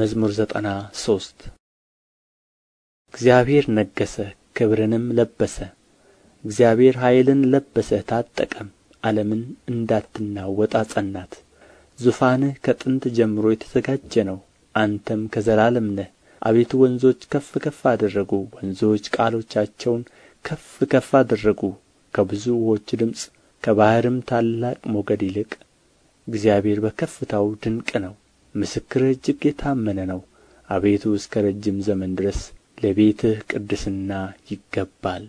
መዝሙር ዘጠና ሶስት እግዚአብሔር ነገሠ ክብርንም ለበሰ እግዚአብሔር ኃይልን ለበሰ ታጠቀም ዓለምን እንዳትናወጥ አጸናት ዙፋንህ ከጥንት ጀምሮ የተዘጋጀ ነው አንተም ከዘላለም ነህ አቤቱ ወንዞች ከፍ ከፍ አደረጉ ወንዞች ቃሎቻቸውን ከፍ ከፍ አደረጉ ከብዙ ውኆች ድምፅ ከባሕርም ታላቅ ሞገድ ይልቅ እግዚአብሔር በከፍታው ድንቅ ነው ምስክርህ እጅግ የታመነ ነው አቤቱ እስከ ረጅም ዘመን ድረስ ለቤትህ ቅድስና ይገባል